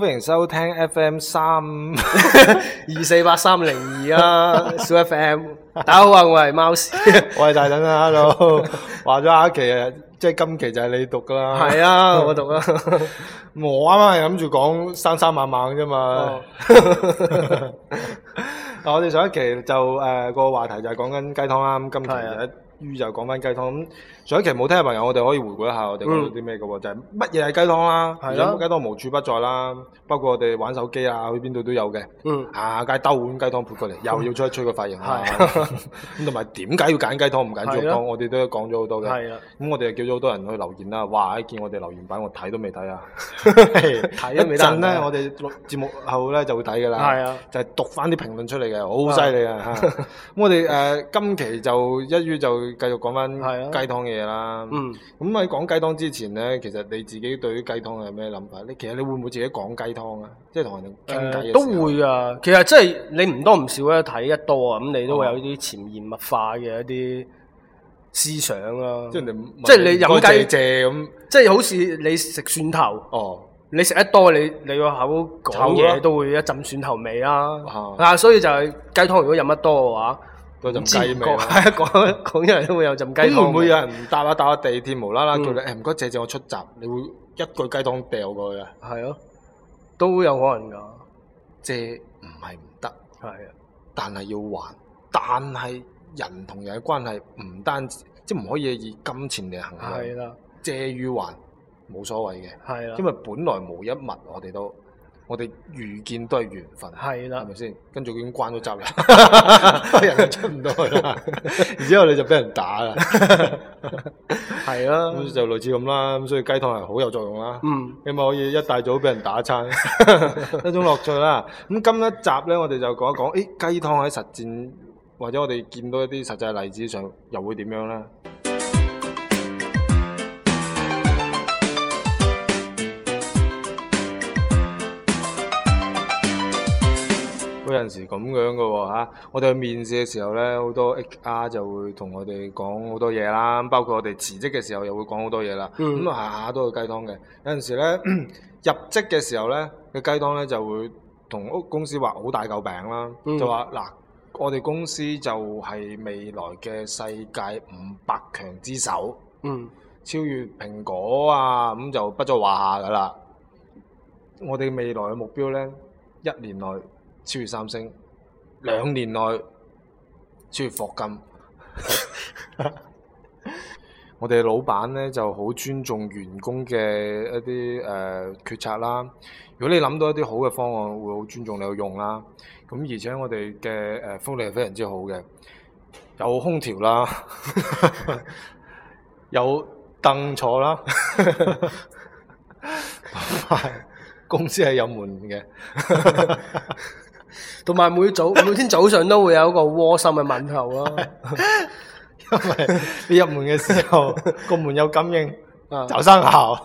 歡迎收聽 FM 三二四八三零二啊，小 FM。大家好啊，我係貓史我係大躉啊，Hello，話咗下一期啊，即係今期就係你讀噶啦。係 啊，我讀啊。 我啱啱係諗住講生生猛猛啫嘛。嗱，oh. 我哋上一期就誒、呃那個話題就係講緊雞湯啦。咁今期、就是。 於就講翻雞湯，咁上一期冇聽嘅朋友，我哋可以回顧一下我哋講咗啲咩嘅喎，就係乜嘢係雞湯啦，而且雞湯無處不在啦。包括我哋玩手機啊，去邊度都有嘅。嗯，啊，街兜碗雞湯潑過嚟，又要吹一吹個髮型啦。咁同埋點解要揀雞湯唔揀豬肉湯？我哋都講咗好多嘅。係啦。咁我哋就叫咗好多人去留言啦。哇！一見我哋留言版，我睇都未睇啊。睇都未睇。一陣咧，我哋節目後咧就會睇㗎啦。係啊。就係讀翻啲評論出嚟嘅，好犀利啊！咁我哋誒今期就一於就。繼續講翻雞湯嘅嘢啦，嗯，咁喺講雞湯之前咧，其實你自己對於雞湯係咩諗法咧？你其實你會唔會自己講雞湯啊？即係同人哋傾偈嘅時候都會啊，其實即係你唔多唔少咧，睇得多啊，咁、嗯、你都會有啲潛移默化嘅一啲思想啦。即係你飲雞借咁，即係好似你食蒜頭哦，嗯、你食得多，你你個口講嘢都會一浸蒜頭味啦。啊，嗯、所以就係雞湯如果飲得多嘅話。嗰陣雞味啦，講講出嚟都會有陣雞。唔、嗯、會有人搭下搭下地鐵，無啦啦叫你，唔該借借我出閘，你會一句雞湯掉過去啊？係咯，都有可能㗎。借唔係唔得，係啊，但係要還。但係人同人嘅關係唔單止即係唔可以以金錢嚟衡量。係啦、啊，借與還冇所謂嘅，係啊，因為本來無一物，我哋都。我哋遇見都係緣分，係啦的，係咪先？跟住已經關咗閘啦， 人又出唔到去啦。 然之後你就俾人打啦，係咯 的，就類似咁啦。咁所以雞湯係好有作用啦。嗯，你咪可以一大早俾人打餐， 一種樂趣啦。咁今一集咧，我哋就講一講，誒雞湯喺實戰或者我哋見到一啲實際例子上，又會點樣咧？有陣時咁樣嘅喎、啊、我哋去面試嘅時候咧，好多 HR 就會同我哋講好多嘢啦。包括我哋辭職嘅時候又會講好多嘢啦。咁啊下下都有雞湯嘅。有陣時咧 入職嘅時候咧嘅雞湯咧就會同屋公司畫好大嚿餅啦，嗯、就話嗱我哋公司就係未來嘅世界五百強之首，嗯、超越蘋果啊咁就不在話下㗎啦。我哋未來嘅目標咧一年內。超越三星，兩年內超越霍金。 我哋老闆呢就好尊重員工嘅一啲誒、呃、決策啦。如果你諗到一啲好嘅方案，會好尊重你去用啦。咁而且我哋嘅誒福利係非常之好嘅，有空調啦， 有凳坐座啦。 公司係有門嘅。 同埋每早每天早上都會有一個窩心嘅問候咯、啊， 因為你入門嘅時候 個門有感應，早上好，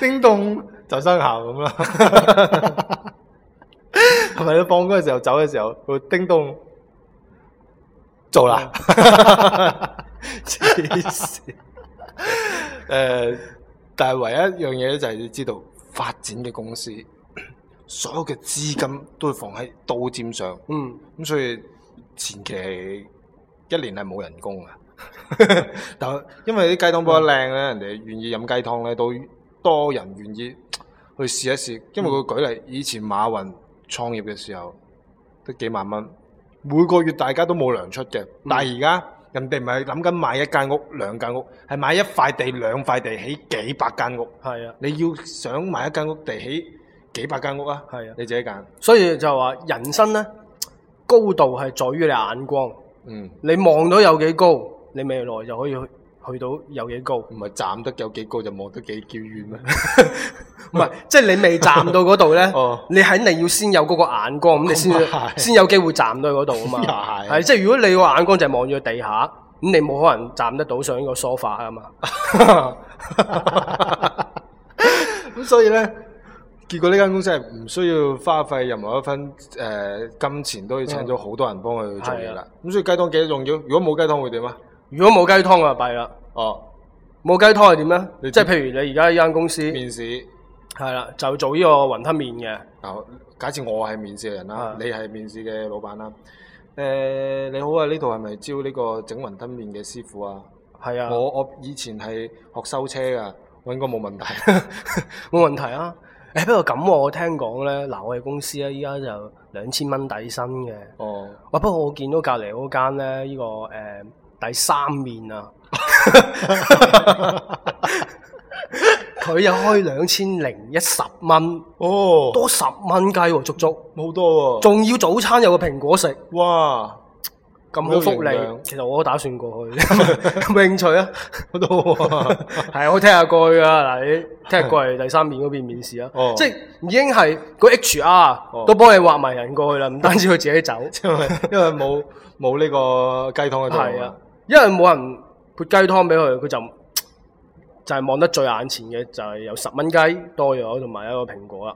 叮咚，早上好咁咯，咪 放工嘅時候走嘅時候，走時候會叮咚，做啦，黐線， 誒、呃，但係唯一一樣嘢咧就係要知道發展嘅公司。所有嘅資金都會放喺刀尖上，咁、嗯、所以前期一年係冇人工嘅。 但因為啲雞湯煲得靚咧，嗯、人哋願意飲雞湯咧，都多人願意去試一試。因為佢舉例，以前馬雲創業嘅時候得幾萬蚊，每個月大家都冇糧出嘅。嗯、但係而家人哋唔係諗緊買一間屋、兩間屋，係買一塊地、兩塊地起幾百間屋。係是啊，你要想買一間屋地起，建建幾百間屋啊，係啊，你自己揀。所以就係話人生咧，高度係在於你眼光。嗯，你望到有幾高，你未來就可以去去到有幾高。唔係站得有幾高就望得幾遠咩？唔 係是，即係 你未站到嗰度咧，哦、你肯定要先有嗰個眼光，咁、哦、你先先有機會站到嗰度啊嘛。又係，即係如果你個眼光就係望住地下，咁你冇可能站得到上呢個梳化啊嘛。咁所以咧。結果呢間公司係唔需要花費任何一分誒、呃、金錢，都要請咗好多人幫佢做嘢啦。咁、嗯、所以雞湯幾重要？如果冇雞湯會點啊？如果冇雞湯啊，弊啦。哦，冇雞湯係點咧？你即係譬如你而家呢間公司面試係啦，就做呢個雲吞麵嘅。假設我係面試嘅人啦，的你係面試嘅老闆啦。誒、呃，你好啊，呢度係咪招呢個整雲吞麵嘅師傅啊？係啊的，我我以前係學修車噶，我應該冇問題，冇 問題啊。誒、欸，不過咁我聽講咧，嗱我哋公司咧而家就兩千蚊底薪嘅。哦、嗯，不過我見到隔籬嗰間咧，呢、這個誒、呃、第三面啊，佢又開兩千零一十蚊，哦、oh, 啊，多十蚊雞喎，足足，好多啊！仲要早餐有個蘋果食，哇！咁好福利，其實我打算過去， 有冇興趣啊？ 我都係我聽日過去㗎。嗱，你聽日過嚟第三面嗰邊面試啊！哦、即已經係個 HR 都幫你畫埋人過去啦，唔單止佢自己走，因為冇冇呢個雞湯喺度。係啊，因為冇人潑雞湯俾佢，佢就就係、是、望得最眼前嘅就係、是、有十蚊雞多咗，同埋一個蘋果啦。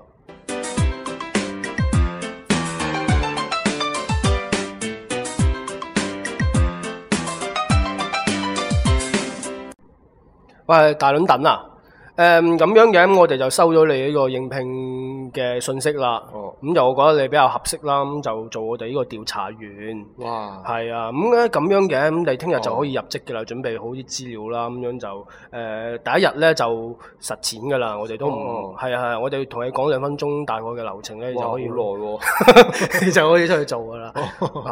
喂，大倫等啊，誒、嗯、咁樣嘅，我哋就收咗你呢個應聘嘅信息啦，哦、嗯。哦，咁就我覺得你比較合適啦，咁就做我哋呢個調查員。哇！係啊，咁咧咁樣嘅，咁你聽日就可以入職㗎喇，哦、準備好啲資料啦，咁樣就誒、呃、第一日咧就實踐㗎喇。我哋都唔係啊，係，我哋同你講兩分鐘大概嘅流程咧，就可以好耐喎，你 就可以出去哇 做㗎喇、呃。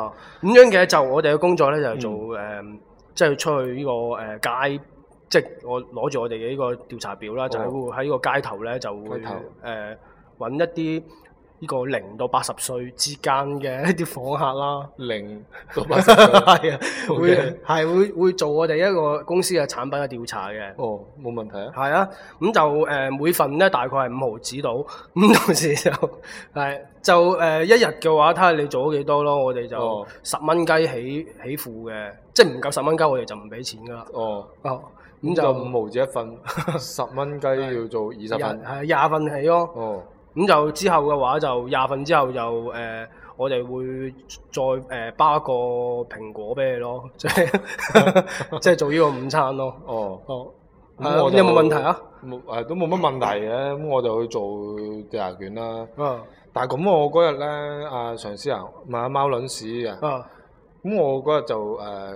哦，咁樣嘅就我哋嘅工作咧就係做誒，即係出去呢個誒街 rog ien。 即係我攞住我哋嘅呢個調查表啦，哦、就喺呢個街頭咧就誒揾頭、呃、一啲呢個零到八十歲之間嘅一啲訪客啦，零到八十歲係 啊，Okay. 會係會會，會做我哋一個公司嘅產品嘅調查嘅。哦，冇問題啊。係啊，咁就誒、呃、每份咧大概係五毫紙到，咁到時就係就誒一日嘅話睇下你做咗幾多咯，我哋就十蚊雞起起付嘅，即係唔夠十蚊雞我哋就唔俾錢㗎啦。哦，哦。咁就五毫紙一份，十蚊雞要做二十份，係廿份起咯。哦，咁、哦、就之後嘅話就廿份之後就誒、呃，我哋會再誒、呃、包一個蘋果俾你咯，即係 即係做呢個午餐咯。哦哦，嗯、有冇問題啊？冇，誒都冇乜問題嘅。咁我就去做夾卷啦。嗯但那那，但係咁我嗰日咧，阿常思行，唔係阿貓卵屎啊。嗯那那，咁我嗰日就誒。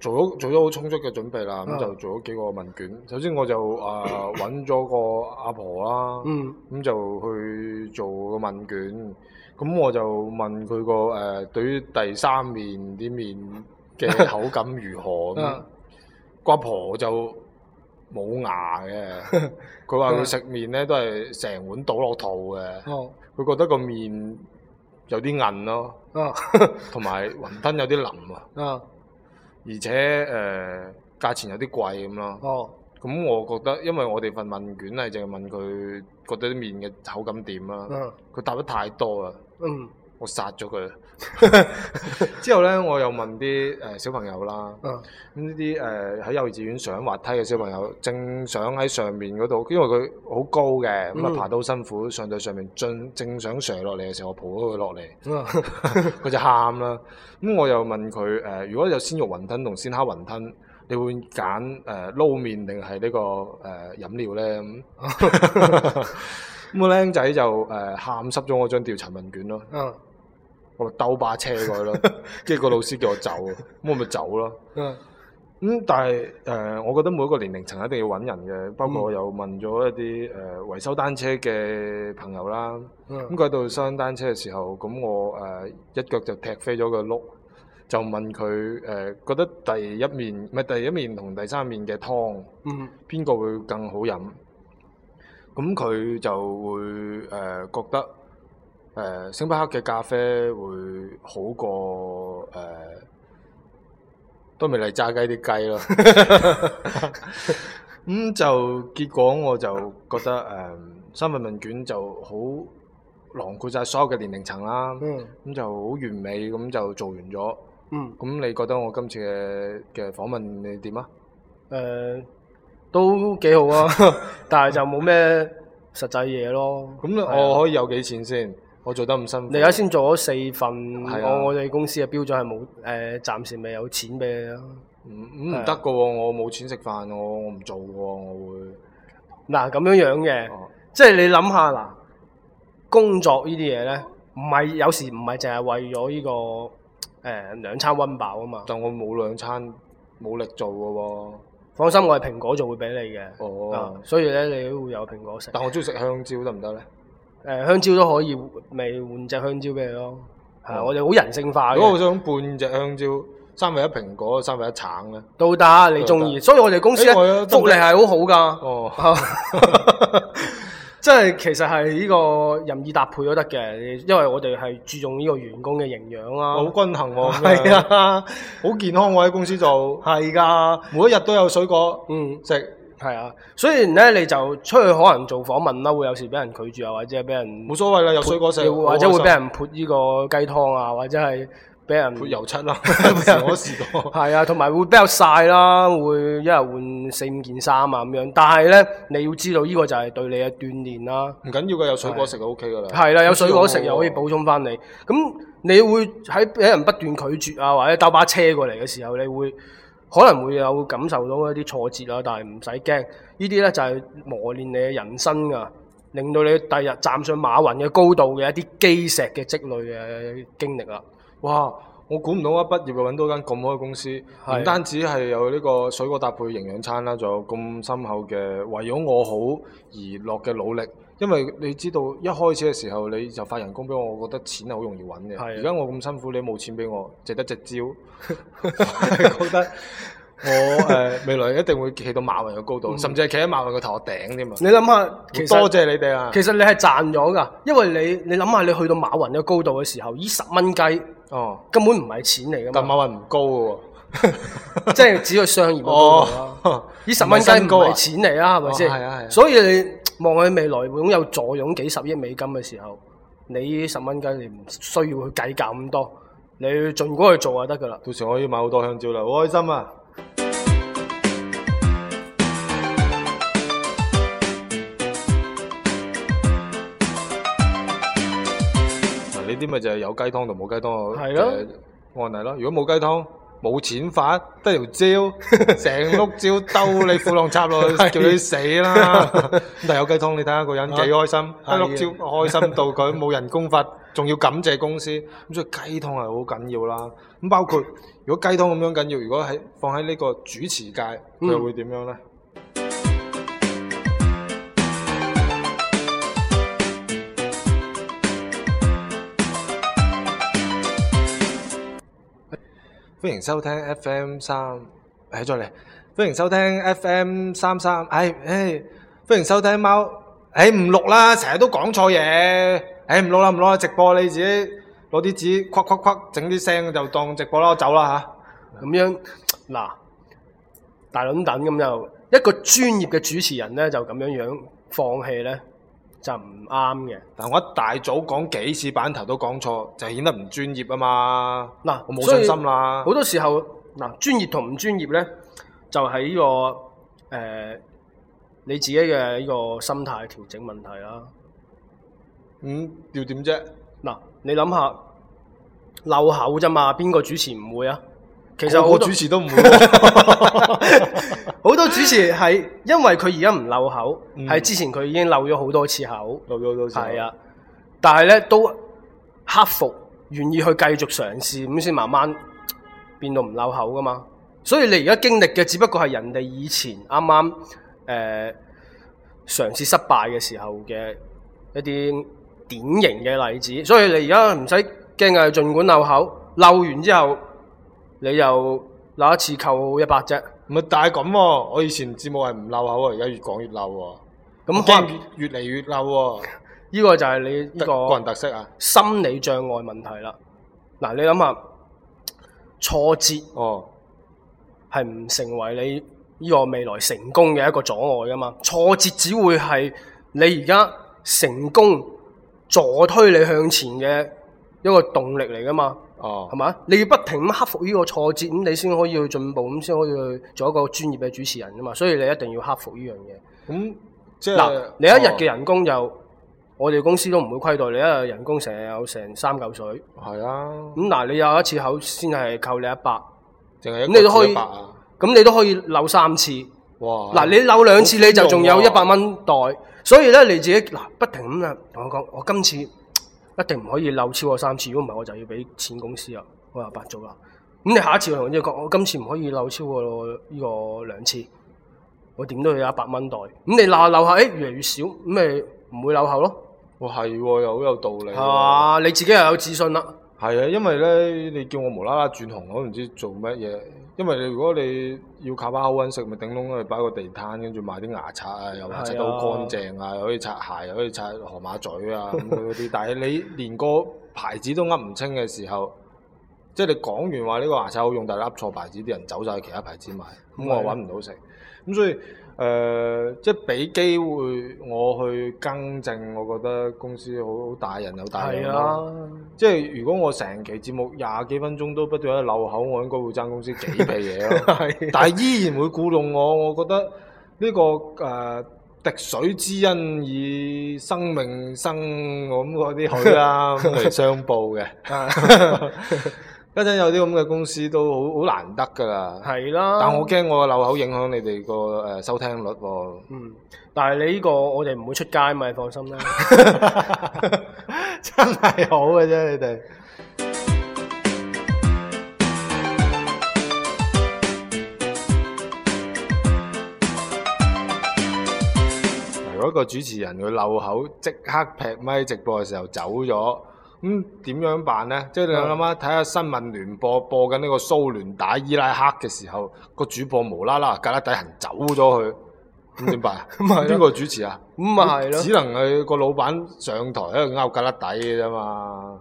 做咗做咗好充足嘅準備啦，咁就做咗幾個問卷。首先我就啊揾咗個阿婆啦，咁、嗯、就去做個問卷。咁我就問佢個誒、呃、對於第三面啲麵嘅口感如何咁。 個阿婆就冇牙嘅，佢話佢食麵咧都係成碗倒落肚嘅。佢 覺得個麵有啲韌咯，同埋 雲吞有啲腍喎。 而且誒、呃、價錢有啲貴咁咯，咁、oh. 我覺得，因為我哋份問卷係就問佢覺得啲麵嘅口感點啦，佢、mm. 答得太多啦。Mm. 我殺咗佢。之後咧，我又問啲誒小朋友啦，咁呢啲誒喺幼稚園上滑梯嘅小朋友，正想喺上面嗰度，因為佢好高嘅，咁、嗯、啊、嗯、爬到辛苦，上到上面，正正想瀡落嚟嘅時候，我抱咗佢落嚟，佢、嗯、 就喊啦。咁、嗯、我又問佢誒、呃，如果有鮮肉雲吞同鮮蝦雲吞，你會揀誒撈麵定係呢個誒、呃、飲料咧？咁個僆仔就誒喊濕咗我張調查問卷咯。嗯。我咪兜把車過去咯，跟住 個老師叫我走，咁 我咪走咯。咁 Yeah.、嗯、但係誒、呃，我覺得每一個年齡層一定要搵人嘅。包括我又問咗一啲誒、呃、維修單車嘅朋友啦，咁佢喺度修單車嘅時候，咁我誒、呃、一腳就踢飛咗個碌，就問佢誒、呃、覺得第一麵唔係、呃、第一麵同第三麵嘅湯，邊個會更好飲？咁佢就會誒、呃呃、覺得。誒，星巴克嘅咖啡會好過誒、呃，都未嚟炸雞啲雞咯。咁、 嗯、就結果我就覺得誒、嗯，三份問卷就好囊括晒所有嘅年齡層啦。咁、mm. 嗯、就好完美，咁就做完咗。Mm. 嗯，咁你覺得我今次嘅嘅訪問你點啊？誒、呃，都幾好啊， 但係就冇咩實際嘢咯。咁我可以有幾錢先？我做得唔辛苦，你而家先做咗四份，啊、我我哋公司嘅標準係冇，誒、呃、暫時未有錢俾你咯。唔唔得嘅喎，我冇錢食飯，我我唔做嘅喎，我會。嗱咁、啊、樣樣嘅，哦、即係你諗下嗱，工作呢啲嘢咧，唔係有時唔係淨係為咗呢、呢個誒兩、呃、餐溫飽啊嘛。但我冇兩餐冇力做嘅喎、啊。放心，我係蘋果就會俾你嘅。哦，哦啊、所以咧你都會有蘋果食。但我中意食香蕉得唔得咧？誒香蕉都可以，未換隻香蕉俾你咯。係啊、哦，我哋好人性化。如果我想半隻香蕉，三分一蘋果，三分一橙咧，到達你鍾意。所以我哋公司咧福利係好好噶、欸。哦，即係 其實係呢個任意搭配都得嘅，因為我哋係注重呢個員工嘅營養啊，好均衡喎。係啊，好健康。我喺公司做係噶， 每一日都有水果，嗯食。係啊，所以咧你就出去可能做訪問啦，會有時俾人拒絕啊，或者係俾人冇所謂啦，有水果食，或者會俾人潑呢個雞湯啊，或者係俾人潑油漆咯，時可時可。係啊，同埋會比較晒啦，會一日換四五件衫啊咁樣。但係咧，你要知道呢個就係對你嘅鍛鍊啦。唔緊要嘅，有水果食就 O K 噶啦。係啦、啊啊，有水果食又可以補充翻你。咁你會喺俾人不斷拒絕啊，或者兜巴車過嚟嘅時候，你會。可能會有感受到一啲挫折啦，但係唔使驚，呢啲咧就係磨練你嘅人生㗎，令到你第日站上馬雲嘅高度嘅一啲基石嘅積累嘅經歷啊。哇！我估唔到我畢業就揾到間咁好嘅公司，唔的單止係有呢個水果搭配營養餐啦，仲有咁深厚嘅為咗我好而落嘅努力。因為你知道一開始嘅時候你就發人工俾我，我覺得錢係好容易揾嘅。而家的我咁辛苦，你冇錢俾我，值得直招。 覺得我誒未來一定會企到馬雲嘅高度，嗯、甚至係企喺馬雲嘅頭頂添啊！你諗下，多謝你哋啊！其實你係賺咗㗎，因為你你諗下，你去到馬雲嘅高度嘅時候，依十蚊雞哦，根本唔係錢嚟㗎嘛。但馬雲唔高喎？啊， 即係只要商業嘅高度咯。依十蚊雞唔係錢嚟啊，係咪先？係啊，係，所以你。望喺未來擁有坐擁幾十億美金嘅時候，你十蚊雞，你唔需要去計較咁多，你儘管去做就得㗎喇。到時候我可以買好多香蕉喇，好開心啊！嗱，呢啲咪就係有雞湯同冇雞湯嘅案例咯。如果冇雞湯，冇錢發，得條蕉，成碌蕉兜你褲浪插落，叫你死啦！ 但有雞湯，你睇下個人幾開心，得碌蕉開心到佢冇人工發，仲要感謝公司，咁所以雞湯係好緊要啦。咁包括如果雞湯咁樣緊要，如果喺放喺呢個主持界，又會點樣呢？嗯歡迎收聽 FM 三、哎，喺再嚟。歡迎收聽 FM 三三、哎、唉、哎、唉，歡迎收聽貓，唉、哎、唔錄啦，成日都講錯嘢，唉、哎、唔錄啦唔錄啦，直播你自己攞啲紙，屈屈屈整啲聲就當直播啦，走啦吓，咁、啊、樣嗱，大躉等咁就一個專業嘅主持人咧就咁樣樣放棄咧。就唔啱嘅。但我一大早講幾次版頭都講錯，就顯得唔專業啊嘛。嗱，我冇信心啦。好多時候，嗱，專業同唔專業咧，就喺呢個誒你自己嘅呢個心態調整問題啦。嗯，要點啫？嗱，你諗下，漏口啫嘛，邊個主持唔會啊？其實我主持都唔會啊。 好多主持係因為佢而家唔漏口，係、嗯、之前佢已經漏咗好多次口，漏咗好多次口，係啊。但係呢都克服願意去繼續嘗試，咁先慢慢變到唔漏口噶嘛。所以你而家經歷嘅只不過係人哋以前啱啱誒嘗試失敗嘅時候嘅一啲典型嘅例子。所以你而家唔使驚啊，盡管漏口，漏完之後你又攞一次扣一百隻。唔係，但係咁喎，我以前節目係唔漏口喎，而家越講越漏喎，咁驚那越嚟越漏喎。呢個就係你呢個個人特色啊。心理障礙問題啦。嗱，你諗下，挫折哦，係唔成為你呢個未來成功嘅一個阻礙噶嘛？挫折只會係你而家成功助推你向前嘅一個動力嚟噶嘛？哦，係嘛？你要不停咁克服呢個挫折，咁你先可以去進步，咁先可以去做一個專業嘅主持人啊嘛。所以你一定要克服呢樣嘢。咁、嗯、即係嗱，你一日嘅人工又，哦、我哋公司都唔會虧待你，一日人工成有成三嚿水。係是啊。咁嗱，你有一次口先係扣你 100, 一百，淨係一百，咁你都可以扭三次。哇！嗱，你扭兩次、啊、你就仲有一百蚊袋，所以咧你自己嗱，不停咁啊同我講，我今次。一定唔可以漏超過三次，如果唔係我就要俾錢公司啦。我話白做啦。咁你下一次同我講，我今次唔可以漏超過呢個兩次，我點都要有一百蚊袋。咁你漏下漏下，誒、欸、越嚟越少，咁咪唔會漏後咯。哇、哦，係又好有道理，啊。係嘛，你自己又有自信啦。係啊，因為咧，你叫我無啦啦轉行，我唔知做乜嘢。因為你如果你要靠把口揾食，咪頂籠嚟擺個地攤，跟住賣啲牙刷啊，又刷得好乾淨啊，是的 又可以擦鞋，又可以擦河馬嘴啊，但係你連個牌子都噏唔清嘅時候，即係你講完話呢個牙刷好用，但係噏錯牌子啲人走晒其他牌子買，咁是的 我揾唔到食，咁所以。誒、呃，即係俾機會我去更正，我覺得公司好大人有大勇咯、啊。啊、即係如果我成期節目廿幾分鐘都不斷喺漏口，我應該會爭公司幾嘅嘢咯。 啊、但係依然會鼓動我，我覺得呢、呢個誒、呃、滴水之恩以生命生咁啲許啦嚟相報嘅。 家陣有啲咁嘅公司都好好難得噶啦，係囉的，但我驚我嘅漏口影響你哋個誒收聽率喎、啊。嗯，但係你呢個我哋唔會出街咪，你放心啦。 真係好嘅啫、啊，你哋。如果個主持人佢漏口即刻劈咪直播嘅時候走咗。咁點、嗯、樣辦咧？即係你諗下，睇、嗯、下新聞聯播播緊呢個蘇聯打伊拉克嘅時候，個主播無啦啦格拉底行走咗去，點、嗯、辦？邊個 的主持啊？咁咪係咯。然只能係個老闆上台喺度拗格拉底嘅啫嘛。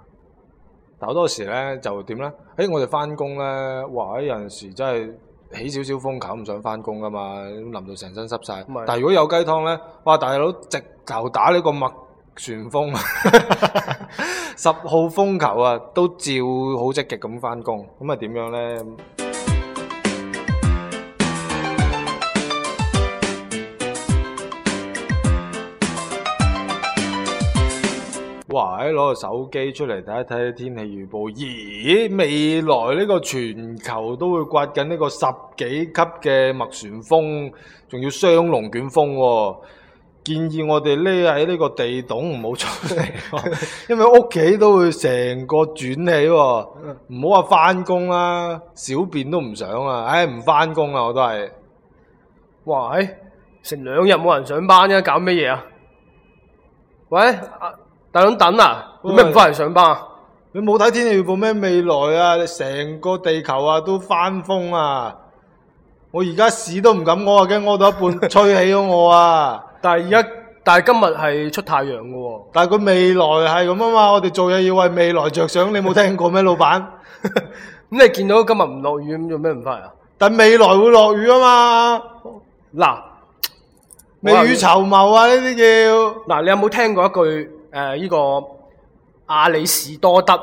但好多時咧就點咧？誒，我哋翻工咧，哇！有陣時真係起少少風球，唔想翻工噶嘛。淋到成身濕晒。但如果有雞湯咧，哇！大佬直頭打呢個麥旋風。 十號風球啊，都照好積極咁翻工，咁啊點樣呢？ 哇！一攞個手機出嚟睇一睇天氣預報，咦？未來呢個全球都會颳緊呢個十幾級嘅麥旋風，仲要雙龍捲風喎、啊！建議我哋匿喺呢個地洞唔好出嚟， 因為屋企都會成個轉起喎、哦，唔好話翻工啦，小便都唔想啊！唉，唔翻工啊，我都係，哇！唉，成兩日冇人上班啊，搞咩嘢啊？喂，大躉等等啊，你咩唔翻嚟上班啊？你冇睇天氣預報咩？未來啊，你成個地球啊都翻風啊！我而家屎都唔敢屙啊，驚屙到一半吹起咗我啊！ 但係而家，但係今日係出太陽嘅喎。但係佢未來係咁啊嘛，我哋做嘢要為未來着想。你冇聽過咩，老闆？咁你見到今日唔落雨，咁做咩唔返嚟啊？但未來會落雨啊嘛。嗱嘩，未雨綢繆啊，呢啲叫嗱。你有冇聽過一句誒？呢、呃這個阿里士多德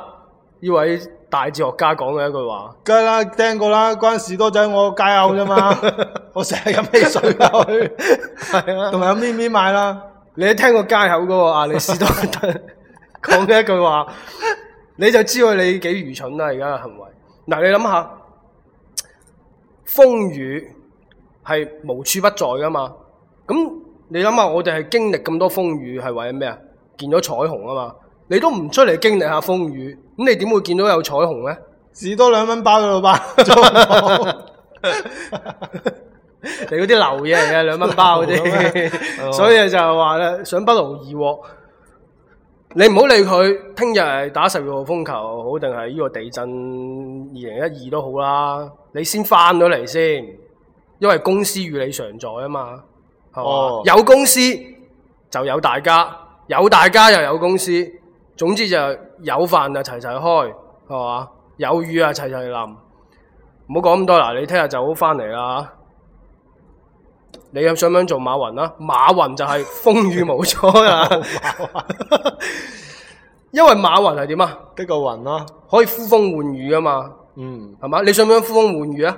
呢位大哲學家講嘅一句話？梗係啦，聽過啦，關士多仔我家教啫嘛。 我成日飲汽水去 啊，係啊，同埋有咪咪買啦。你都聽過街口嗰個阿里士多德講嘅一句話，你就知道你幾愚蠢啦，啊。而家嘅行為，嗱，你諗下，風雨係無處不在噶嘛？咁你諗下，我哋係經歷咁多風雨，係為咗咩啊？見咗彩虹啊嘛？你都唔出嚟經歷下風雨，咁你點會見到有彩虹咧？士多兩蚊包嘅老闆。你嗰啲流嘢嚟嘅兩蚊包嗰啲， 所以就話咧想不勞而獲， 你唔好理佢。聽日係打十二號風球好，定係呢個地震二零一二都好啦。你先翻咗嚟先，因為公司與你常在啊嘛，係、 oh. 有公司就有大家，有大家又有公司，總之就有飯就、啊、齊齊開，係嘛有雨啊齊齊淋，唔好講咁多啦。你聽日就好翻嚟啦你又想唔想做馬雲啦？馬雲就係風雨無阻啊！ 因為馬雲係點啊？一個雲咯，可以呼風喚雨啊嘛。嗯，係嘛？你想唔想呼風喚雨啊？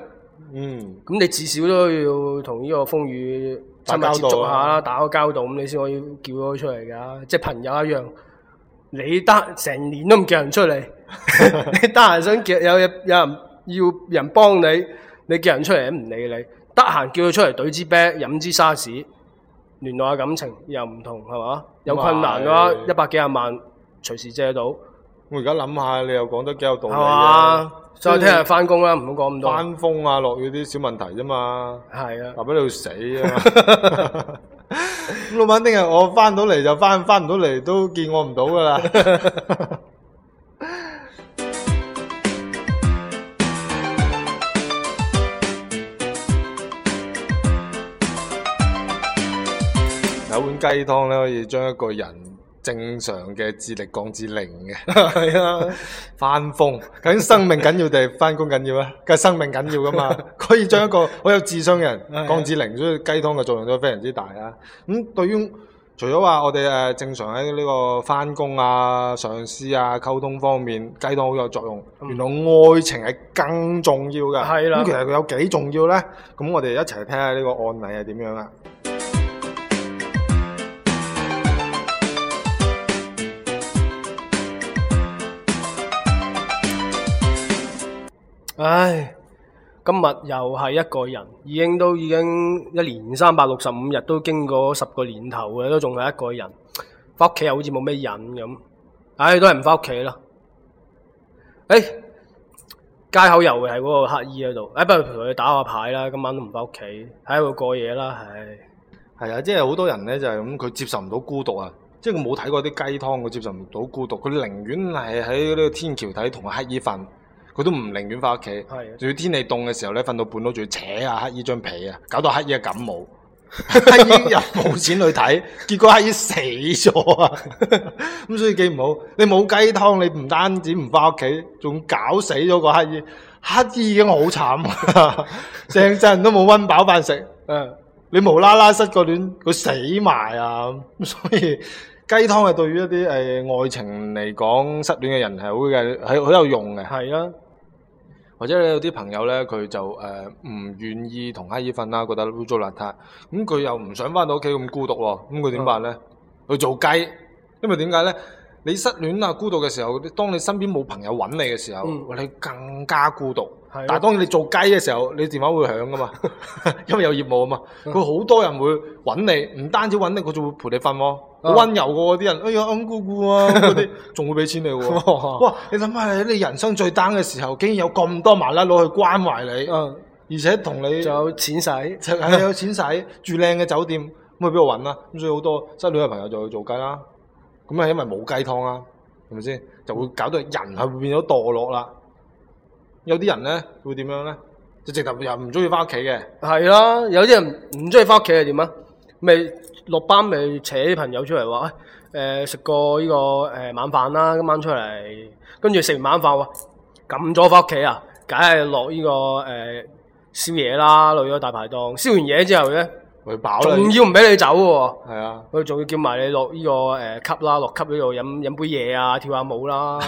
嗯，咁你至少都要同呢個風雨親密接觸下，打交道，打個交道，你先可以叫佢出嚟噶。即朋友一樣，你得成年都唔叫人出嚟， 你得閒想叫有有人要人幫你，你叫人出嚟都唔理你。得閒叫佢出嚟對支啤飲支沙士，聯絡下感情又唔同，係嘛？有困難嘅話，是一百幾廿萬隨時借到。我而家諗下，你又講得幾有道理嘅，啊。所以聽日翻工啦，唔好講咁多。翻風啊，落雨啲小問題啫嘛。係啊的。話俾你去死啊！咁 老闆聽日我翻到嚟就翻，翻唔到嚟都見我唔到㗎啦。 雞湯咧可以將一個人正常嘅智力降至零嘅，係 啊，翻風究竟生命緊要定係翻工緊要咧？梗係 生命緊要噶嘛，可以將一個好有智商嘅人降至零，所以雞湯嘅作用都非常之大啊！咁對於除咗話我哋誒正常喺呢個翻工啊、上司啊、溝通方面，雞湯好有作用。原來愛情係更重要嘅，係啦、啊。咁其實佢有幾重要咧？咁我哋一齊聽下呢個案例係點樣啊！唉，今日又係一個人，已經都已經一年三百六十五日都經過十個年頭嘅，都仲係一個人。翻屋企又好似冇咩人咁，唉，都係唔翻屋企啦。唉，街口又係嗰個乞衣嗰度，唉，不如陪佢打下牌啦。今晚都唔翻屋企，喺度過夜啦。唉，係啊，即係好多人咧就係、是、咁，佢、嗯、接受唔到孤獨啊，即係佢冇睇過啲雞湯，佢接受唔到孤獨，佢寧願係喺呢個天橋底同乞衣瞓。佢都唔寧願翻屋企，仲要的天氣凍嘅時候咧，瞓到半路仲要扯下、啊、黑衣張被啊，搞到黑衣嘅感冒， 黑衣又冇錢去睇，結果黑衣死咗啊！咁、 嗯、所以幾唔好，你冇雞湯，你唔單止唔翻屋企，仲搞死咗個黑衣。黑衣已經好慘，成陣都冇溫飽飯食，嗯， 你無啦啦失個戀，佢死埋啊！咁所以雞湯啊，對於一啲誒、呃、愛情嚟講，失戀嘅人係好嘅，係好有用嘅，係啊。 或者你有啲朋友咧，佢就誒唔、呃、願意同黑衣瞓啦，覺得污糟邋遢，咁佢又唔想翻到屋企咁孤獨喎，咁佢點辦咧？嗯、去做雞，因為點解咧？你失戀啊，孤獨嘅時候，當你身邊冇朋友揾你嘅時候，嗯、你更加孤獨。但係當你做雞嘅時候，你電話會響噶嘛， 因為有業務啊嘛。佢好、嗯、多人會揾你，唔單止揾你，佢仲會陪你瞓喎，好溫、嗯、柔嘅喎啲人。哎呀，阿、嗯、姑姑啊，嗰啲仲會畀錢你喎。哦、哇，你諗下你人生最 down 嘅時候，竟然有咁多麻甩佬去關懷你，嗯、而且同你仲有錢使，仲係有錢使， 住靚嘅酒店。咁去邊度揾啊？咁所以好多失戀嘅朋友就去做雞啦。咁啊，因為冇雞湯啦，係咪先？就會搞到人係會變咗墮落啦。 有啲人咧會點樣呢？就直頭又唔中意返屋企嘅。係啦、啊，有啲人唔中意返屋企係點啊？咪落班咪扯啲朋友出嚟話誒食過呢個誒晚飯啦，今晚出嚟，跟住食完晚飯喎，咁早返屋企啊，梗係落呢、這個誒燒嘢啦，落咗大排檔，燒完嘢之後呢。佢飽啦，仲要唔俾你走喎？係啊，佢仲要叫埋你落呢個誒 club 啦，落 club 呢度飲飲杯嘢啊，跳下舞啦。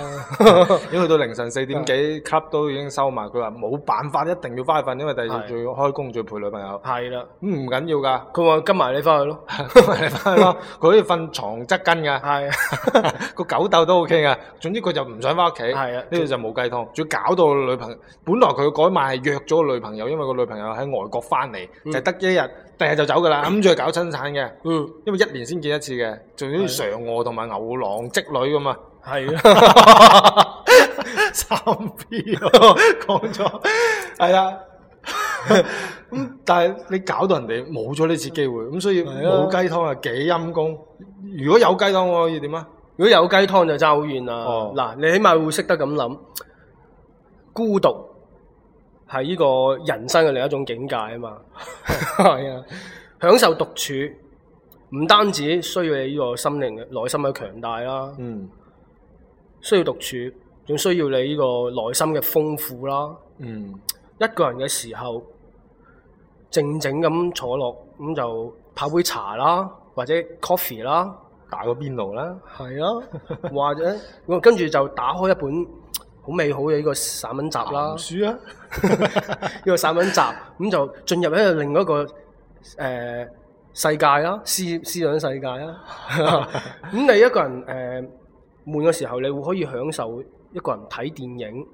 已經去到凌晨四點幾，club 都已經收埋。佢話冇辦法，一定要翻去瞓，因為第二日仲要開工，仲要陪女朋友。係啦，咁唔緊要噶。佢話跟埋你翻去咯，跟埋你翻去咯。佢可以瞓床側跟噶。係啊，個狗竇都 ok 噶。總之佢就唔想翻屋企。係啊，呢度就冇雞湯，仲要搞到個女朋友。本來佢嗰晚係約咗個女朋友，因為個女朋友喺外國翻嚟，就得一日。第日就走㗎喇，諗住去搞生產嘅，嗯，因為一年先見一次嘅，仲要嫦娥同埋牛郎織女㗎嘛，係啊，三 P 講錯，係啊，咁但係你搞到人哋冇咗呢次機會，咁所以冇雞湯啊，幾陰功，如果有雞湯我可以點啊？如果有雞湯就爭好遠啦，嗱、哦、你起碼會識得咁諗，孤獨。係呢個人生嘅另一種境界啊嘛，係啊，享受獨處，唔單止需要你呢個心靈嘅內心嘅強大啦，嗯，需要獨處，仲需要你呢個內心嘅豐富啦，嗯，一個人嘅時候靜靜咁坐落，咁就泡杯茶啦，或者 coffee 啦，打個邊爐啦，係啊，或者跟住就打開一本，好美好嘅一個散文集啦、啊，書啊，呢 個散文集咁就進入一個另一個誒、呃、世界啦、啊，思思想世界啦、啊。咁 你一個人誒、呃、悶嘅時候，你會可以享受一個人睇電影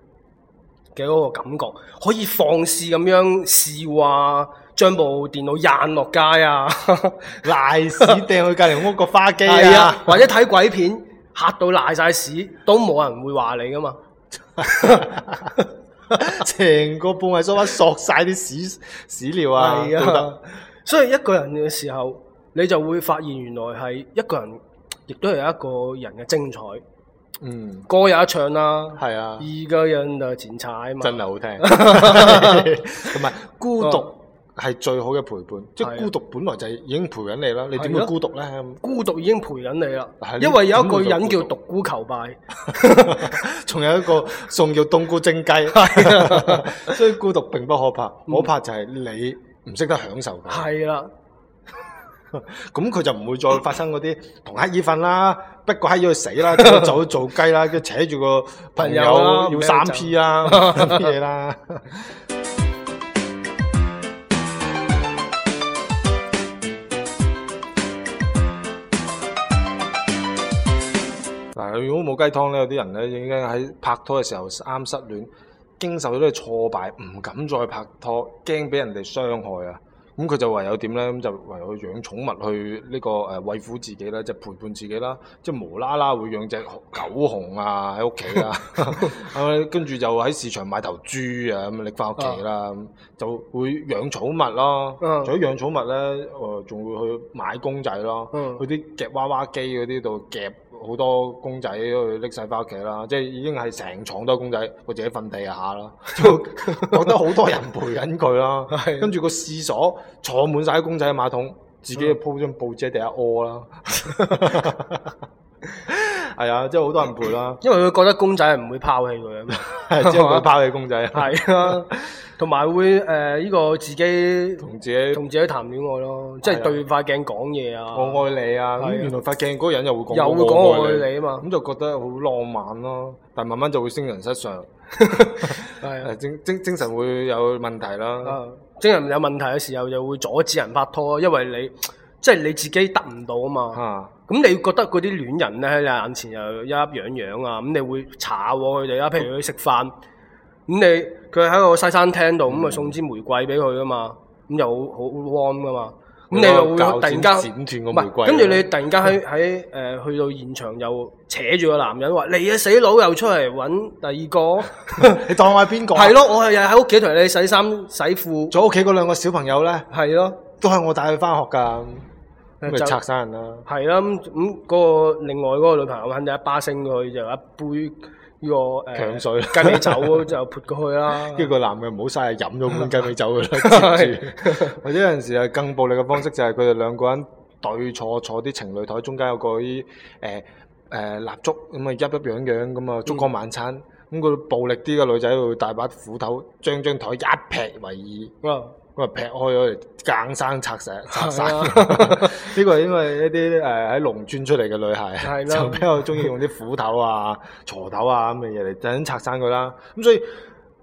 嘅嗰個感覺，可以放肆咁樣笑啊，將部電腦扔落街啊，瀨屎掟去隔籬屋個花機啊， 或者睇鬼片嚇到瀨晒屎都冇人會話你㗎嘛。成 個半喺梳翻索晒啲屎屎尿啊，係啊，所以一個人嘅時候，你就會發現原來係一個人亦都係一個人嘅精彩。嗯，歌有一唱啦，係啊，啊，二個人就前踩嘛，真係好聽，同埋孤獨。係最好嘅陪伴，即係孤獨本來就已經陪緊你啦，你點會孤獨咧？孤獨已經陪緊你啦，的因為有一個人叫獨孤求敗，仲 有一個餸叫冬菇蒸雞， 所以孤獨並不可怕，嗯、可怕就係你唔識得享受。係啦是的，咁 佢 就唔會再發生嗰啲同乞衣瞓啦，逼個乞衣去死啦，就做做雞啦，跟住扯住個朋友要三 P 啦，啲嘢 啦。 如果冇雞湯咧，有啲人咧已經喺拍拖嘅時候啱失戀，經受咗啲挫敗，唔敢再拍拖，驚俾人哋傷害啊！咁佢就唯有點咧？咁就唯有去養寵物去呢個誒慰撫自己啦，即陪伴自己啦，即係無啦啦會養隻狗熊啊喺屋企啦， 跟住就喺市場買頭豬啊咁拎翻屋企啦，uh. 就會養寵物咯。Uh. 除咗養寵物咧，誒、呃、仲會去買公仔咯，uh. 去啲夾娃娃機嗰啲度夾。好多公仔去拎晒翻屋企啦，即係已經係成床都係公仔，我自己瞓地下咯， 就覺得好多人陪緊佢啦， 跟住個廁所坐滿晒啲公仔嘅馬桶，自己鋪張報紙地下屙啦。 係啊，即係好多人陪啦。因為佢覺得公仔唔會拋棄佢，係即係唔會拋棄公仔。係啊，同埋會誒呢個自己同自己同自己談戀愛咯，即係對塊鏡講嘢啊。我愛你啊！原來塊鏡嗰個人又會講我愛你啊嘛，咁就覺得好浪漫咯。但慢慢就會精神失常，係精精精神會有問題啦。精神有問題嘅時候，又會阻止人拍拖，因為你即係你自己得唔到啊嘛。咁你覺得嗰啲戀人咧喺你眼前又一一樣樣啊？咁你會查佢哋啊？譬如去食飯，咁你佢喺個西餐廳度咁啊送支玫瑰俾佢啊嘛，咁又好好 warm 噶嘛，咁、嗯、你又會突然間剪斷剪斷玫瑰。跟住你突然間喺喺誒去到現場又扯住個男人話：你啊死佬又出嚟揾第二個， 你當我係邊個啊？係咯，我係日喺屋企同你洗衫洗褲，咗屋企嗰兩個小朋友咧，係對咯，咯，咯都係我帶佢翻學㗎。就拆散人啦，係啦，咁咁嗰個另外嗰個女朋友肯定一巴聲佢就一杯呢個誒強水雞尾酒就潑過去啦。跟住個男嘅唔好嘥，飲咗碗雞尾酒㗎啦。或者有陣時啊，更暴力嘅方式就係佢哋兩個人對坐坐啲情侶台，中間有個啲誒誒蠟燭，咁啊一一樣樣咁啊燭光晚餐。咁個暴力啲嘅女仔會大把斧頭將張台一劈為二。佢話劈開咗嚟，硬生拆石，拆山。呢個、啊、 因為一啲誒喺農村出嚟嘅女孩，啊、 就比較中意用啲斧頭啊、鋤頭啊咁嘅嘢嚟緊拆山佢啦。咁所以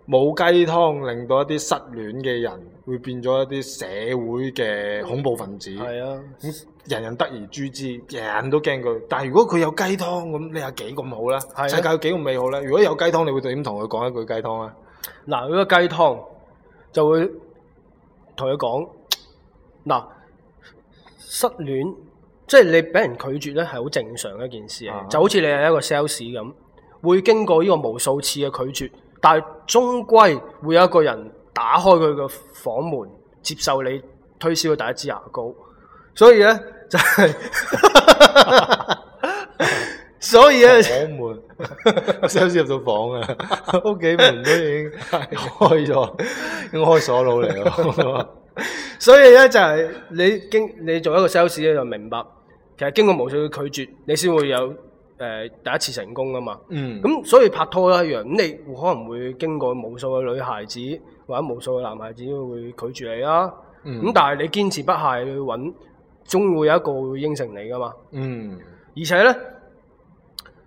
冇雞湯，令到一啲失戀嘅人會變咗一啲社會嘅恐怖分子。係啊，人人得而誅之，人人都驚佢。但係如果佢有雞湯咁，你有幾咁好咧？啊、世界有幾咁美好咧？如果有雞湯，你會點同佢講一句雞湯啊？嗱，如果雞湯就會。同佢講嗱，失戀即係你俾人拒絕咧，係好正常嘅一件事啊！就好似你係一個 sales 咁，會經過呢個無數次嘅拒絕，但係終歸會有一個人打開佢嘅房門，接受你推銷佢第一支牙膏。所以咧，就係。所以咧，房門 sales 入到房啊，屋企 門都已經開咗，嗯、應該開鎖佬嚟咯。 所以咧、啊、就係、是、你經你做一個 sales 咧，就明白其實經過無數嘅拒絕，你先會有誒、呃、第一次成功噶嘛。嗯，咁所以拍拖都一樣，咁、嗯、你可能會經過無數嘅女孩子或者無數嘅男孩子會拒絕你啦、啊。咁、嗯、但係你堅持不懈去搵，終會有一個會應承你噶嘛。嗯，而且咧。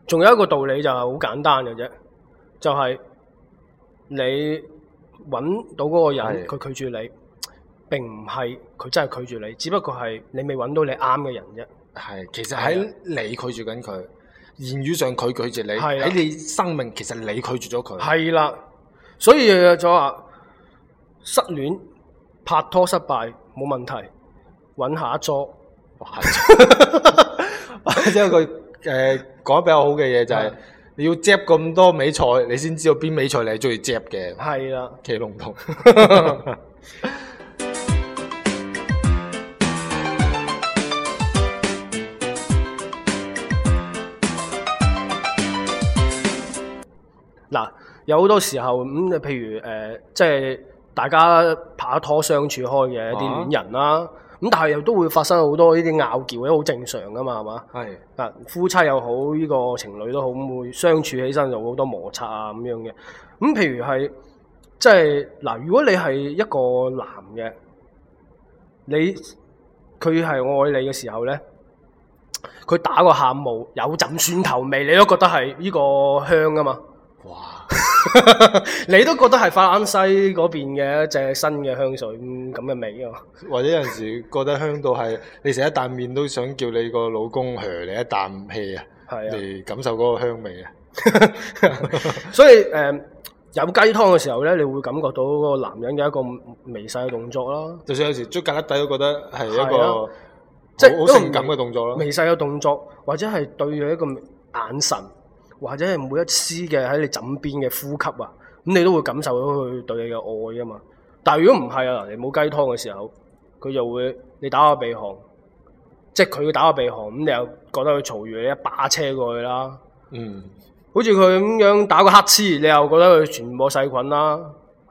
仲有一個道理就係好簡單嘅啫，就係、是、你揾到嗰個人，佢的拒絕你，並唔係佢真係拒絕你，只不過係你未揾到你啱嘅人啫。係，其實喺你拒絕緊佢，的言語上佢拒絕你，喺的你生命其實你拒絕咗佢。係啦，所以就話失戀、拍拖失敗冇問題，揾下一座，或者佢。 誒講得比較好嘅嘢就係、是、你要接咁多美菜，你先知道邊美菜你鍾意接嘅。係啦的，騎龍同。嗱， 有好多時候咁，譬如誒，即、呃、係、就是、大家拍拖相處開嘅一啲戀人啦。啊咁但係又都會發生好多呢啲拗撬，都好正常噶嘛，係嘛？係啊是，夫妻又好，呢個情侶都好，咁會相處起身就好多摩擦啊，咁樣嘅。咁譬如係即係嗱，如果你係一個男嘅，你佢係愛你嘅時候咧，佢打個喊毛，有陣蒜頭味，你都覺得係呢個香噶嘛？哇！ 你都覺得係法蘭西嗰邊嘅一隻新嘅香水咁嘅、嗯、味啊？或者有陣時覺得香到係你成一啖麵都想叫你個老公噓你一啖氣啊，嚟感受嗰個香味啊！ 所以誒、呃，有雞湯嘅時候咧，你會感覺到嗰個男人嘅一個微細嘅動作咯。就算有時捉緊一底都覺得係一個即係好性感嘅動作咯，微細嘅動作，或者係對佢一個眼神。或者係每一絲嘅喺你枕邊嘅呼吸啊，咁你都會感受到佢對你嘅愛啊嘛。但係如果唔係啊，你冇雞湯嘅時候，佢就會你打個鼻鼾，即係佢會打個鼻鼾，咁你又覺得佢嘈住你一把車過去啦。嗯。好似佢咁樣打個乞嗤，你又覺得佢全部細菌啦，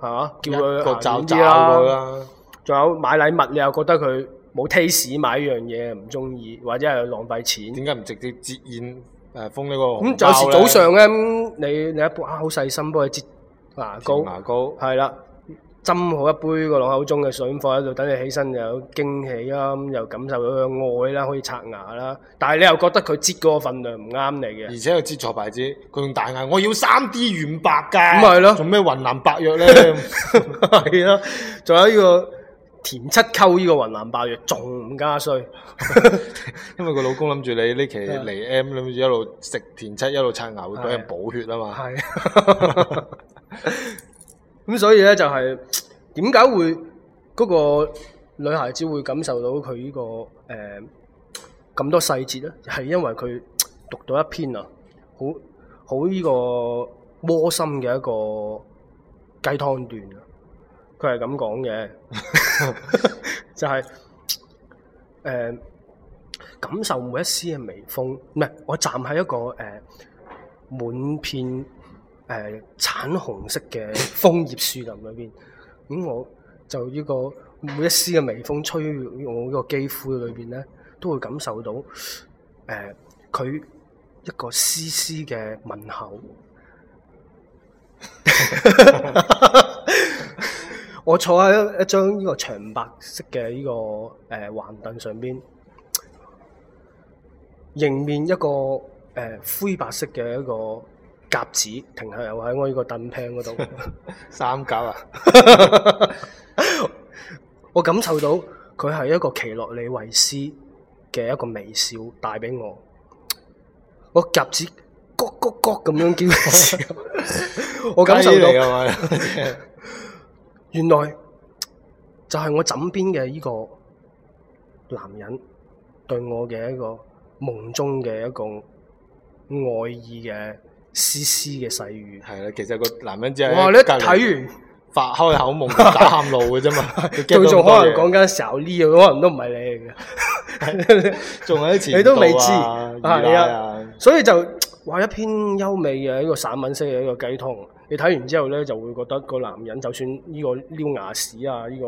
嚇、啊，叫佢行遠啲啦。一個罩罩佢啦。仲有買禮物，你又覺得佢冇 taste，買一樣嘢唔中意，或者係浪費錢。點解唔直接接煙？誒封個呢個咁有時早上咧、嗯，你你一杯好、啊、細心幫佢擠牙膏，牙膏？係啦，斟好一杯個朗口中嘅水放喺度，等你起身又有驚喜啦，咁、啊嗯、又感受到佢嘅愛啦，可以刷牙啦。但係你又覺得佢擠嗰個份量唔啱你嘅。而且佢擠錯牌子，佢用大牙，我要三 D 軟白㗎。咁係咯，做咩雲南白藥咧？係咯， 仲有呢、呢個。田七溝呢個雲南白藥仲唔加衰， 因為個老公諗住你呢期嚟 M，諗住一路食田七一路刷牙，會俾人補血啊嘛。係，咁所以咧就係點解會嗰個女孩子會感受到佢、這個呃、呢個誒咁多細節咧？係因為佢讀到一篇啊，好好呢個窩心嘅一個雞湯段啊。佢係咁講嘅， 就係、是、誒、呃、感受每一絲嘅微風，唔係我站喺一個誒、呃、滿片誒、呃、橙紅色嘅楓葉樹林裏邊，咁、嗯、我就呢、這個每一絲嘅微風吹入我個肌膚裏邊咧，都會感受到誒佢、呃、一個絲絲嘅問候。 我坐喺一一張呢個長白色嘅呢、這個誒橫、呃、凳上邊，迎面一個誒、呃、灰白色嘅一個鴿子停下又喺我呢個凳平嗰度。 三甲九啊！ 我感受到佢係一個奇洛李維斯嘅一個微笑帶俾我。我鴿子咯咯咯咁樣叫我感受到。 原來就係、是、我枕邊嘅呢個男人對我嘅一個夢中嘅一個愛意嘅絲絲嘅細語係啦，其實個男人真係哇你一睇完發開口夢打喊路嘅啫嘛，佢仲 可能講緊時候呢，可能都唔係你嚟嘅，仲 喺前度、啊、你都未知啊，啊，所以就哇一篇優美嘅一、這個散文式嘅一個雞湯。你睇完之後咧，就會覺得個男人就算呢個撩牙屎啊，呢、這個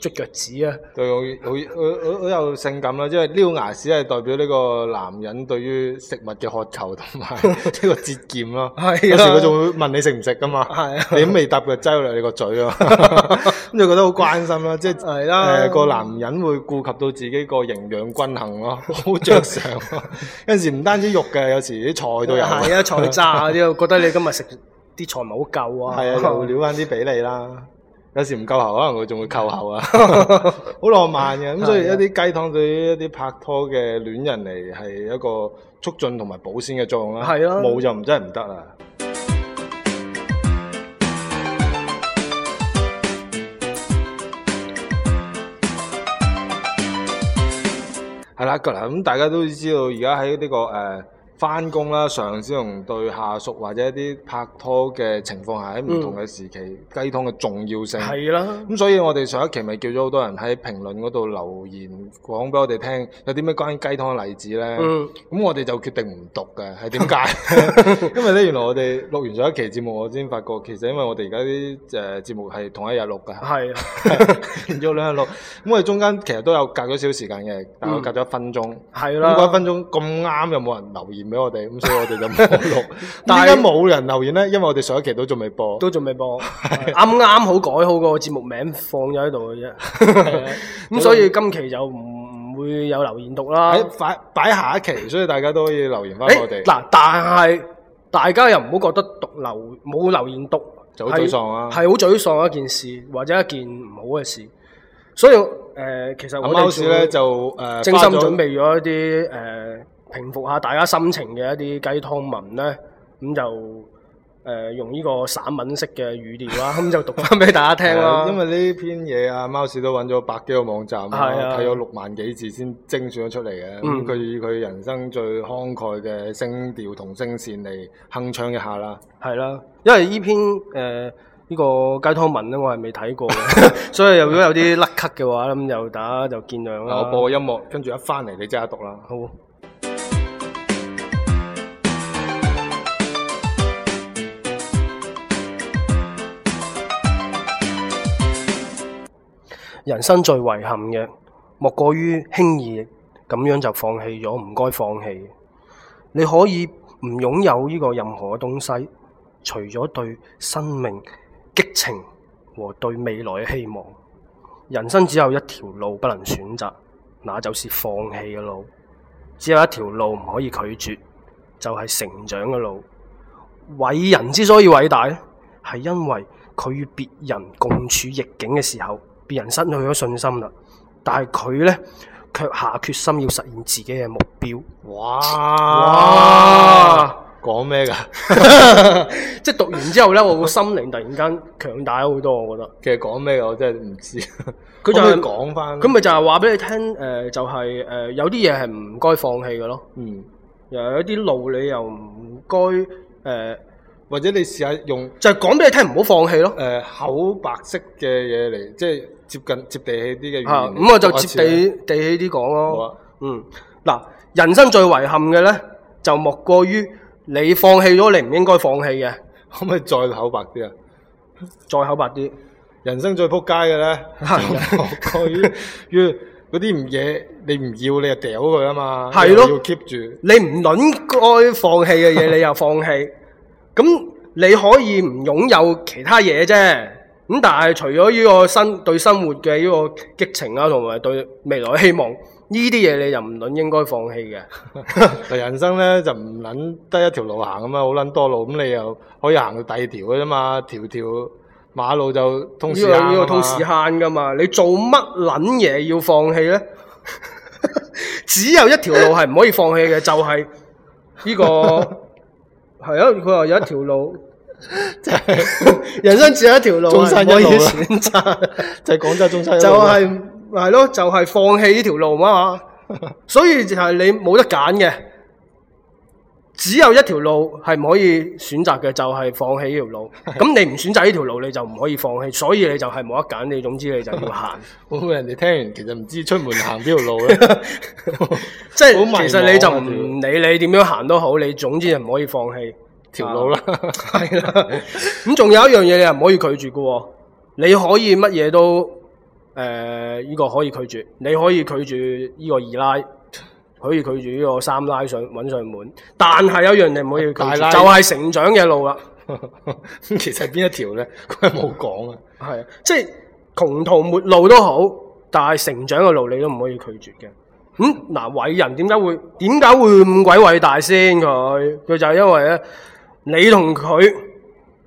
捽腳趾啊，對，好，好，好，有性感啦。即係撩牙屎係代表呢個男人對於食物嘅渴求同埋呢個節儉咯。有時佢仲會問你食唔食㗎嘛？你都未答佢落嚟，你個嘴啊，咁 就覺得好關心啦。即係個男人會顧及到自己個營養均衡咯，好正常 有。有時唔單止肉嘅，有時啲菜都有。係 啊，菜渣炸啲、 這個，覺得你今日食。 啲財好夠啊，係啊，就料翻啲俾你啦。 有時唔夠喉，可能佢仲會扣喉 對啊。好浪漫嘅，咁所以一啲雞湯對於一啲拍拖嘅戀人嚟，係一個促進同埋保鮮嘅作用啦。係咯對，冇就唔真係唔得啊。好啦了，咁大家都知道而家喺呢個誒。呃翻工啦，上司同對下屬或者一啲拍拖嘅情況下，喺唔同嘅時期，嗯、雞湯嘅重要性係啦。咁的所以我哋上一期咪叫咗好多人喺評論嗰度留言，講俾我哋聽有啲咩關於雞湯嘅例子咧。咁、嗯、我哋就決定唔讀嘅，係點解？因為咧，原來我哋錄完上一期節目，我先發覺其實因為我哋而家啲誒節目係同一日錄㗎，係連續兩日錄。咁 我哋中間其實都有隔咗少少時間嘅，但係隔咗一分鐘。係啦、嗯，咁嗰一分鐘咁啱，那那那那有冇人留言？俾我哋，咁所以我哋就冇讀。點解冇人留言咧？因為我哋上一期都仲未播，都仲未播，啱啱 好改好個節目名，放咗喺度嘅啫。咁 所以今期就唔會有留言讀啦。欸、擺擺下一期，所以大家都可以留言翻俾我哋。嗱、欸，但係大家又唔好覺得讀留冇留言讀就好沮喪啊！係好沮喪一件事，或者一件唔好嘅事。所以誒、呃，其實我哋咧就誒精心準備咗一啲誒。呃平復下大家心情嘅一啲雞湯文咧，咁就誒用呢個散文式嘅語調啦，咁就讀翻俾大家聽啦。因為呢篇嘢啊，貓屎都揾咗百幾個網站，睇咗六萬幾字先精選咗出嚟嘅。咁佢以佢人生最慷慨嘅聲調同聲線嚟哼唱一下啦。係啦，因為呢篇誒呢個雞湯文咧，我係未睇過嘅，所以如果有啲甩咳嘅話，咁就大家就見量啦。我播個音樂，跟住一翻嚟你即刻讀啦，好。人生最遺憾嘅，莫過於輕易咁樣就放棄咗唔該放棄。你可以唔擁有呢個任何嘅東西，除咗對生命激情和對未來嘅希望。人生只有一條路不能選擇，那就是放棄嘅路；只有一條路唔可以拒絕，就係成長嘅路。偉人之所以偉大，係因為佢與別人共處逆境嘅時候。別人失去咗信心啦，但係佢咧卻下決心要實現自己嘅目標。哇！講咩噶？ 即係讀完之後咧，我個心靈突然間強大咗好多，我覺得。其實講咩我真係唔知。佢 就係講翻。咁咪就係話俾你聽，誒、呃、就係、是、誒、呃、有啲嘢係唔該放棄嘅咯。嗯。又有一啲路你又唔該誒。呃或者你試下用就係講俾你聽，唔好放棄咯。誒，口白色嘅嘢嚟，即係接近接地氣啲嘅語言。嚇，咁我就接地接氣啲講咯。好啊。嗯，嗱，人生最遺憾嘅咧，就莫過於你放棄咗你唔應該放棄嘅。可唔可以再口白啲啊？再口白啲。人生最撲街嘅咧，莫過於要嗰啲唔嘢，你唔要你就掉佢啊嘛。係咯。要 keep 住。你唔卵該放棄嘅嘢，你又放棄。咁你可以唔擁有其他嘢啫，咁但係除咗呢個生對生活嘅呢個激情啊，同埋對未來嘅希望呢啲嘢，你就唔撚應該放棄嘅。 人生咧就唔撚得一條路行咁嘛，好撚多路咁，你又可以行到第二條嘅啫嘛。條條馬路就通時限噶嘛，你做乜撚嘢要放棄咧？ 只有一條路係唔可以放棄嘅， 就係呢個。係，啊，佢話有一條路， 就係、 人生只有一條路，我要選擇， 就係廣州中山一路就係係咯，就係、係、放棄呢條路嘛， 所以就係你冇得揀嘅。只有一條路係唔可以選擇嘅，就係、是、放棄呢條路。咁你唔選擇呢條路，你就唔可以放棄。所以你就係冇得揀。你總之你就要行。咁 人哋聽完其實唔知出門行邊條路。即係、啊、其實你就唔理你點樣行都好， 你總之就唔可以放棄條路啦。係啦。咁仲有一樣嘢你係唔可以拒絕㗎喎，你可以乜嘢都誒呢、呃呢個可以拒絕，你可以拒絕呢個二奶。可以拒絕呢個三拉上揾上門，但係有一樣嘢唔可以拒絕，就係成長嘅路啦。 其實邊一條咧？佢係冇講啊。係啊，即係窮途末路都好，但係成長嘅路你都唔可以拒絕嘅。咁、嗯、嗱，偉、啊、人點解會點解會咁鬼偉大先？佢佢就係因為咧，你同佢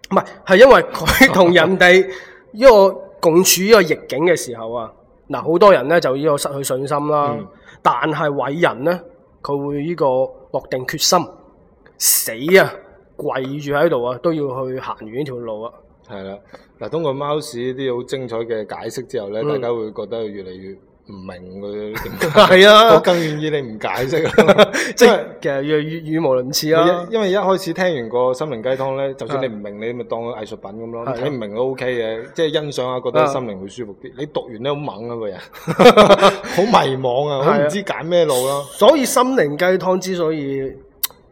唔係係因為佢同人哋呢個共處呢個逆境嘅時候啊。嗱，好多人呢，就呢個失去信心啦，嗯、但係偉人呢，佢會呢個落定決心，死啊，跪住喺度啊，都要去行完呢條路啊。係啦，嗱，通過貓史啲好精彩嘅解釋之後咧，嗯、大家會覺得越嚟越～唔明佢點係啊！我更願意你唔解釋，即係其實越越語無倫次啊， 因為一開始聽完個心靈雞湯咧，就算你唔明，啊、你咪當藝術品咁咯。啊、你唔明都 O K 嘅，即係欣賞下，覺得心靈會舒服啲。啊、你讀完咧好猛啊，個人好迷茫啊，唔、啊、知揀咩路咯、啊。所以心靈雞湯之所以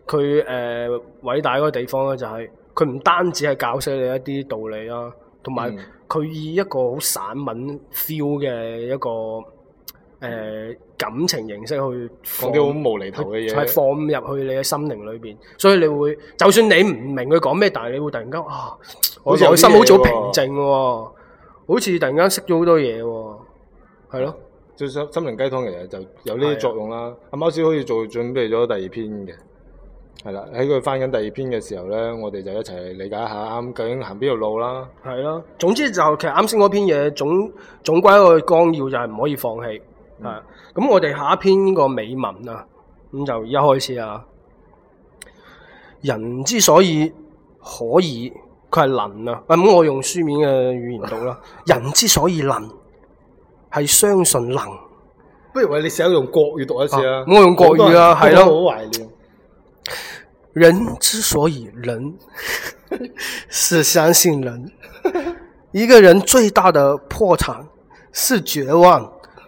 佢誒偉大嗰個地方咧、就是，就係佢唔單止係教死你一啲道理啦，同埋佢以一個好散文 feel 嘅一個。誒、呃，感情形式去放啲好無厘頭嘅嘢，係放入去你嘅心靈裏邊，所以你會就算你唔明佢講咩，但係你會突然間啊，好似心靜、啊哦、好咗平靜，好似突然間識咗好多嘢、啊，係咯、啊。就心心靈雞湯其實就有呢啲作用啦、啊。阿貓史可以做準備咗第二篇嘅，係啦、啊，喺佢翻緊第二篇嘅時候咧，我哋就一齊嚟理解下啱究竟行邊條路啦、啊。係咯、啊，總之就其實啱先嗰篇嘢，總總歸個綱要，就係唔可以放棄。啊！咁、mm hmm. 嗯、我哋下一篇個美文啊，咁就而家開始啊，人之所以可以，佢係能啊。咁、啊、我用書面嘅語言讀啦。人之所以能，係相信能。不如話你想用國語讀一次啊。啊，我用國語啊，係咯、啊。好懷了念。人之所以能， 是相信能。」 一個人最大的破產是絕望。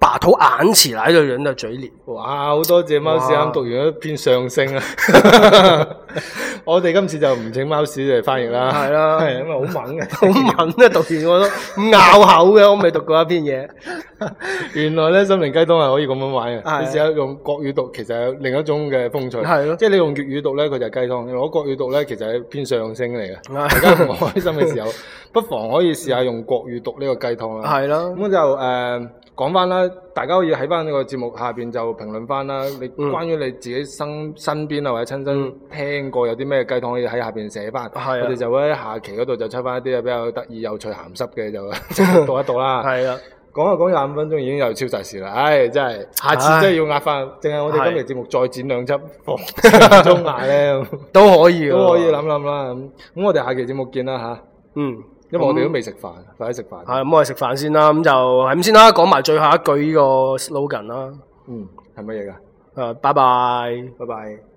拔肚眼遲瀨就軟就嘴裂，哇！好多謝貓屎啱讀完一篇相聲啊！我哋今次就唔請貓屎嚟翻譯啦，係啦，係因為好猛嘅，好猛啊，讀完我都拗口嘅，我未讀過一篇嘢。原來咧，心靈雞湯係可以咁樣玩嘅。你試下用國語讀，其實有另一種嘅風趣，係咯，即係你用粵語讀咧，佢就係雞湯；如果國語讀咧，其實係一篇相聲嚟嘅。大家唔開心嘅時候，不妨可以試下用國語讀呢個雞湯啦。係咯，咁就誒。講翻啦，大家可以喺翻呢個節目下邊就評論翻啦。你關於你自己身身邊啊或者親身聽過有啲咩雞湯可以喺下邊寫翻，我哋就會喺下期嗰度就出翻一啲比較得意有趣咸濕嘅就讀一讀啦。係啊，講啊講廿五分鐘已經有超實時啦，唉真係。下次真係要壓翻，淨係我哋今期節目再剪兩輯，放中鐘下咧都可以，都可以諗諗啦。咁我哋下期節目見啦吓。嗯。因為我哋都未食飯，快啲食飯。係，咁、嗯、我哋食飯先啦。咁、嗯、就係咁先啦，講埋最後一句呢個 slogan 啦。嗯，係乜嘢㗎？誒，拜拜，拜拜。